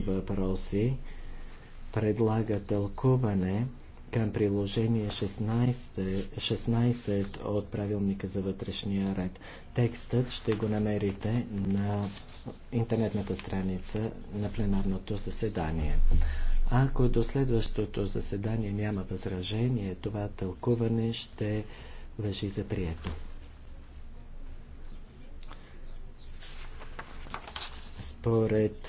въпроси предлага тълкуване към приложение 16, 16 от правилника за вътрешния ред. Текстът ще го намерите на интернетната страница на пленарното заседание. Ако до следващото заседание няма възражение, това тълкуване ще въжи за прието. Според